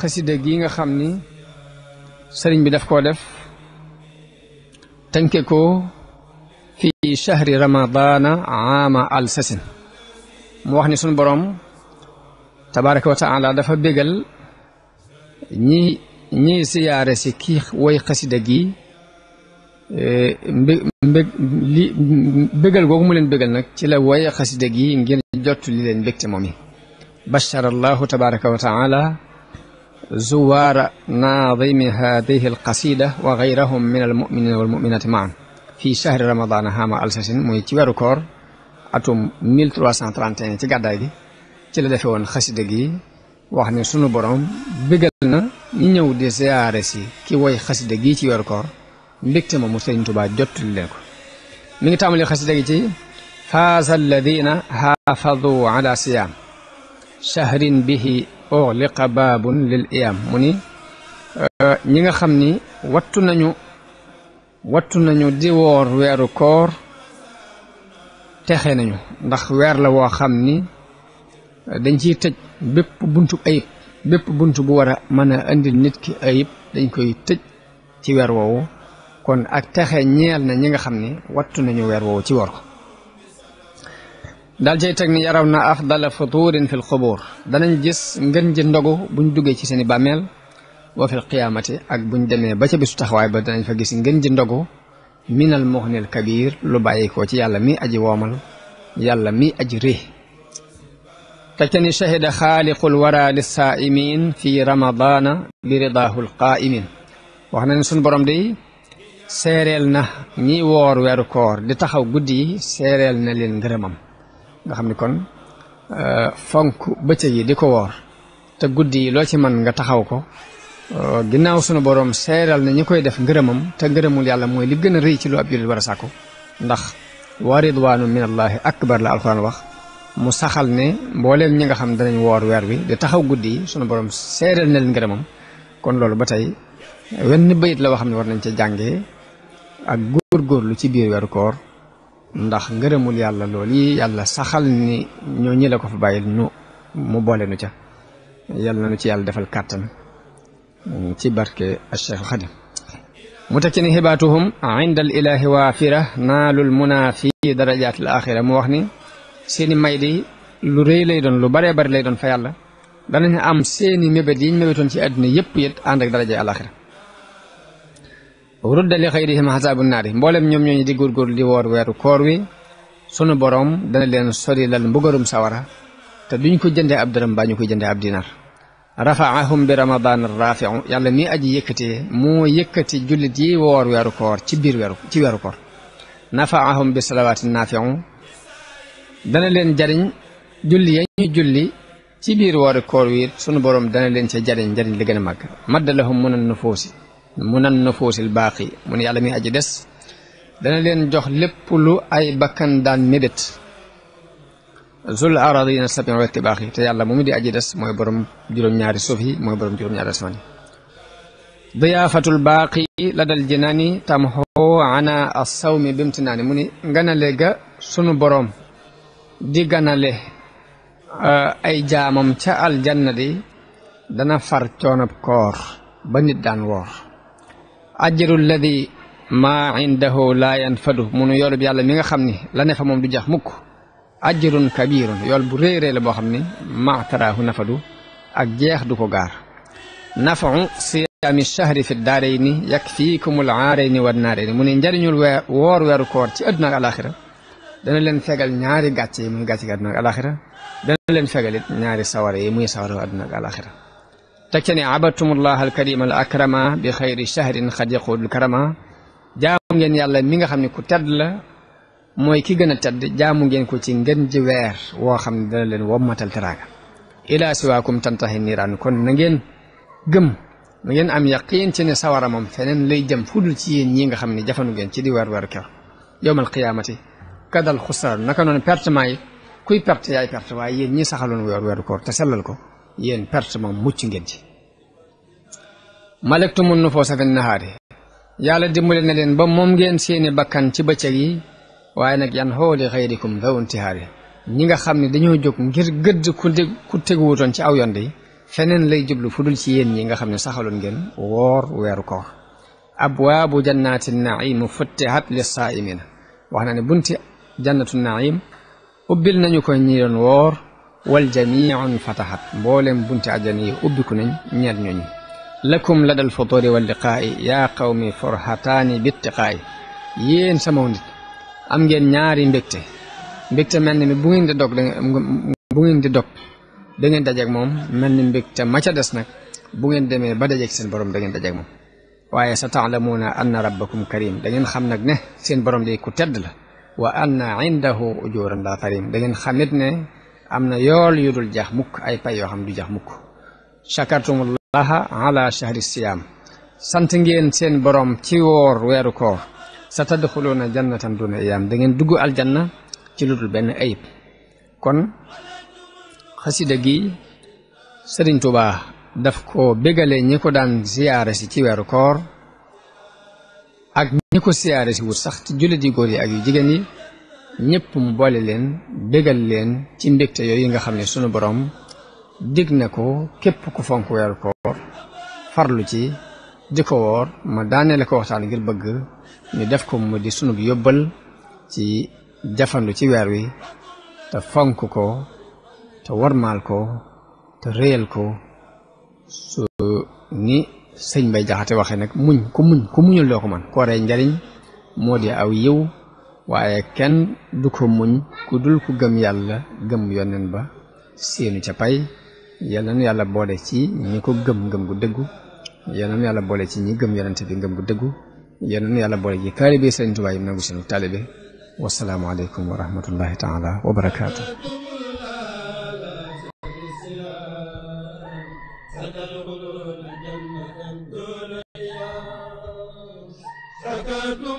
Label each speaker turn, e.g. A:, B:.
A: xasida gi nga xam ni sëriñ bi def koo def tënke ko fi chahri ramadana aama al sasin mu wax ni sunu boroom tabaraka wa taala dafa bégal ñi ñi siyaare si kii woy xasida gi mbé li bégal googu mu leen bégal nag ci la woy xasida gi ngir jot li leen mbégte moom yi allahu tabaraka wa زوار ناظم هذه القصيدة وغيرهم من المؤمنين والمؤمنات معا في شهر رمضان هاما ألسسن موي تيوارو كور أتوم 1331 تقعد دي تلا دفعون خسيدة جي وحن سنو بروم بيقلنا نيو دي زيارسي كي وي خسيدة جي تيوارو كور بكتما مستين تبا جوت لنكو من تعمل خسيدة جي فاز الذين حافظوا على صيام شهر به uxliqa baabun lil iyaam mu ni euh, ñi nga xam ni wattu nañu wattu nañu di woor weeru koor texe nañu ndax weer la woo xam ni euh, dañ ciy tëj bépp buntu ayib bépp bunt bu war a mën a indil nit ki ayib dañ koy tëj ci weer woowu kon ak texe ñeel na ñi nga xam ni wattu nañu weer woowu ci woor ko dal jey tek ni yarawna afdal futur fi al lxubuur danañ gis ngeen ji ndogu buñ duggé ci seni bamél wa fi qiyamati ak buñ démé ba ca bisu taxaway ba danañ fa gis ngeen ji ndogu minal muxnil kabir lu bayé ko ci yàlla mi aji womal yàlla mi aji ré teg te ni shahida xaaliqul wara lissaa'imin fi ramadana bi ridaahu lqaa'imin wax na ne suñ borom day seereel na ñi woor weeru koor di taxaw guddi yi na leen ngërëmam nga xam ni kon euh, fonk bëccëg yi di ko woor te guddi yi loo ci mën nga taxaw ko euh, ginnaaw sunu boroom seeral na ñi koy def ngërëmam te ngërëmul yàlla mooy li gën a rëy ci lu ab jullit war a sàkku ndax wa ridwaanu minallaahi akbar la alxuraan wax mu saxal ne mbooleem ñi nga xam danañu woor weer wi di taxaw guddi yi sunu boroom seeral na leen ngërëmam kon loolu ba tey wenn bayit la woo xam ne war nañ ca jànge ak góor lu ci biir weeru koor ndax ngërëmul yàlla lool yi yàlla saxal ni ñoo ñi la ko fa bàyyil ñu mu boole nu ca yàlla na nu ci yàlla defal kàttan ci barke Cheikh Xadim mu teg ci ni xibaatuhum inda al ilahi waafira naalul muna fi darajaat al axira mu wax ni seeni may di lu rëy lay doon lu baree bari lay doon fa yàlla danañ am seeni mébét yi ñu mébétoon ci àdduna yëpp yët ànd ak daraja al rudda li xayrihim xasaabu naari mboolem ñoom ñooñu di góorgóorlu di woor weeru koor wi sunu boroom dana leen sori lal mbugalum sawara te duñ ko jëndee ab dërëm baa ñu koy jëndee ab dinar rafaahum bi ramadan rafiu yàlla mi aji yëkkatee moo yëkkati julli yi woor weeru koor ci biir weeru ci weeru koor nafaahum bi salawaati nafiu dana leen jariñ julli ya julli ci biir woor koor wi sunu borom dana leen ca jariñ jariñ li gën a màgg maddalahum mun an nufuusi mu nan na foosil baaqi mu ne yàlla mi aji des dana leen jox lépp ay bakkan daan mébét zul aradina sabi wetti baax yi te yàlla moomu di aji des mooy borom juróom-ñaari suuf yi mooy borom juróom-ñaari asamaan yi diyaafatul baaqi la dal jinaani tam xoo ana asawmi bimtinaani mu ni nganale ga sunu boroom di ganale eh, ay jaamam ca aljanna di dana far coonab koor ba nit woor ajru lladi maa indahu laa yanfadu munu yoolub yàlla mi nga xam ni la ne fa moom du jax mukk ajrun kabirun yool bu réerée la boo xam ni maataraahu nafadu ak jeex du ko gaar nafahu siyaami shahri fi daarayni yakfiikum al aarayni wa naarayni mu ne njëriñul weer woor weeru koor ci àdduna ak alaxira dana leen fegal ñaari gàcce yi muy gàcce gi àdduna ak alaxira dana leen fegal it ñaari sawara yi muy sawara àdduna ak alaxira teg ca ne abadtumullah alkarima al akrama bi xayri shahrin xad yaqudul karama jaamu ngeen yàlla mi nga xam ne ku tedd la mooy ki gën a tedd jaamu ngeen ko ci ngen ji weer woo xam ne dana leen wommatal teraanga ila siwaakum tantahi niiraan kon na ngeen gëm na ngeen am yaqiin ci ne sawara moom feneen lay jëm fu dul ci yéen ñi nga xam ni jafanu ngeen ci di weer weer ker yowmal qiyaamati kadal xusraan naka noonu pertement yi kuy pert yaay perte waaye yéen ñi saxaloon weer weeru koor te sellal ko yéen perte moom mucc ngeen ci malektu mun nu foo safin nahaari yàlla dimbale na leen ba moom ngeen seeni bakkan ci bëccëg yi waaye nag yan xooli xayrikum daw intihaari ñi nga xam ne dañoo jog ngir gëdd ku dég ku ci aw yoon yi feneen lay jublu fu dul ci yéen ñi nga xam ne saxaloon ngeen woor weeru ko abwaabu jannati naim futtihat lissaa'imina wax na ne bunti jannatu naim ubbil nañu ko ñi doon woor والجميع انفتحت بولم بنت عجني أبكن نيرنيني لكم لدى الفطور واللقاء يا قوم فرحتان بالتقاء يين سموند أم جن ناري بكت بكت من بوين دوك بوين دوك دنجن دجاج موم من بكت ما تدسنا بوين دم بدجاج سن بروم دنجن دجاج موم waaye sa taclamuuna anna rabbakum karim da ngeen xam nag ne seen borom day ku tedd la wa anna indahu ujuuran la karim da ngeen xamit ne am na yool yu dul jax mukk ay pay yoo xam du jax mukk shakartumullaha ala shahri siyaam sant ngeen seen borom ci woor weeru koor sa tadxuluuna jannatan duna iyaam da ngeen dugg aljanna ci lu dul benn ayib kon xasida gi sëriñ Tuubaa def ko bégale ñi ko daan siyaare si ci weeru koor ak ñi ko siyaare si wut sax ci jullit yi góor yi ak yu jigéen yi ñépp mu boole leen bégal leen ci mbégte yooyu nga xam ne sunu boroom dig na ko képp ku fonk weeru koor farlu ci di ko woor ma daaneel ko waxtaan ngir bëgg ñu def ko mu di sunu yóbbal ci jafandu ci weer wi te fonk ko te warmaal ko te ko su ni sëñ bay jaxate nag muñ ku ku muñul ko man kooree njariñ moo di aw yiw waaye kenn du ko muñ ku dul ku gëm yàlla gëm yonen ba seenu ca pay yal yàlla boole ci ñi ko gëm gëm gu dëggu yal yàlla boole ci ñi gëm yonente bi ngëm gu dëggu yal na yàlla boole ci taalibe Sëriñ Tuubaa yi nangu seenu taalibe wasalaamaaleykum wa rahmatullahi taala wa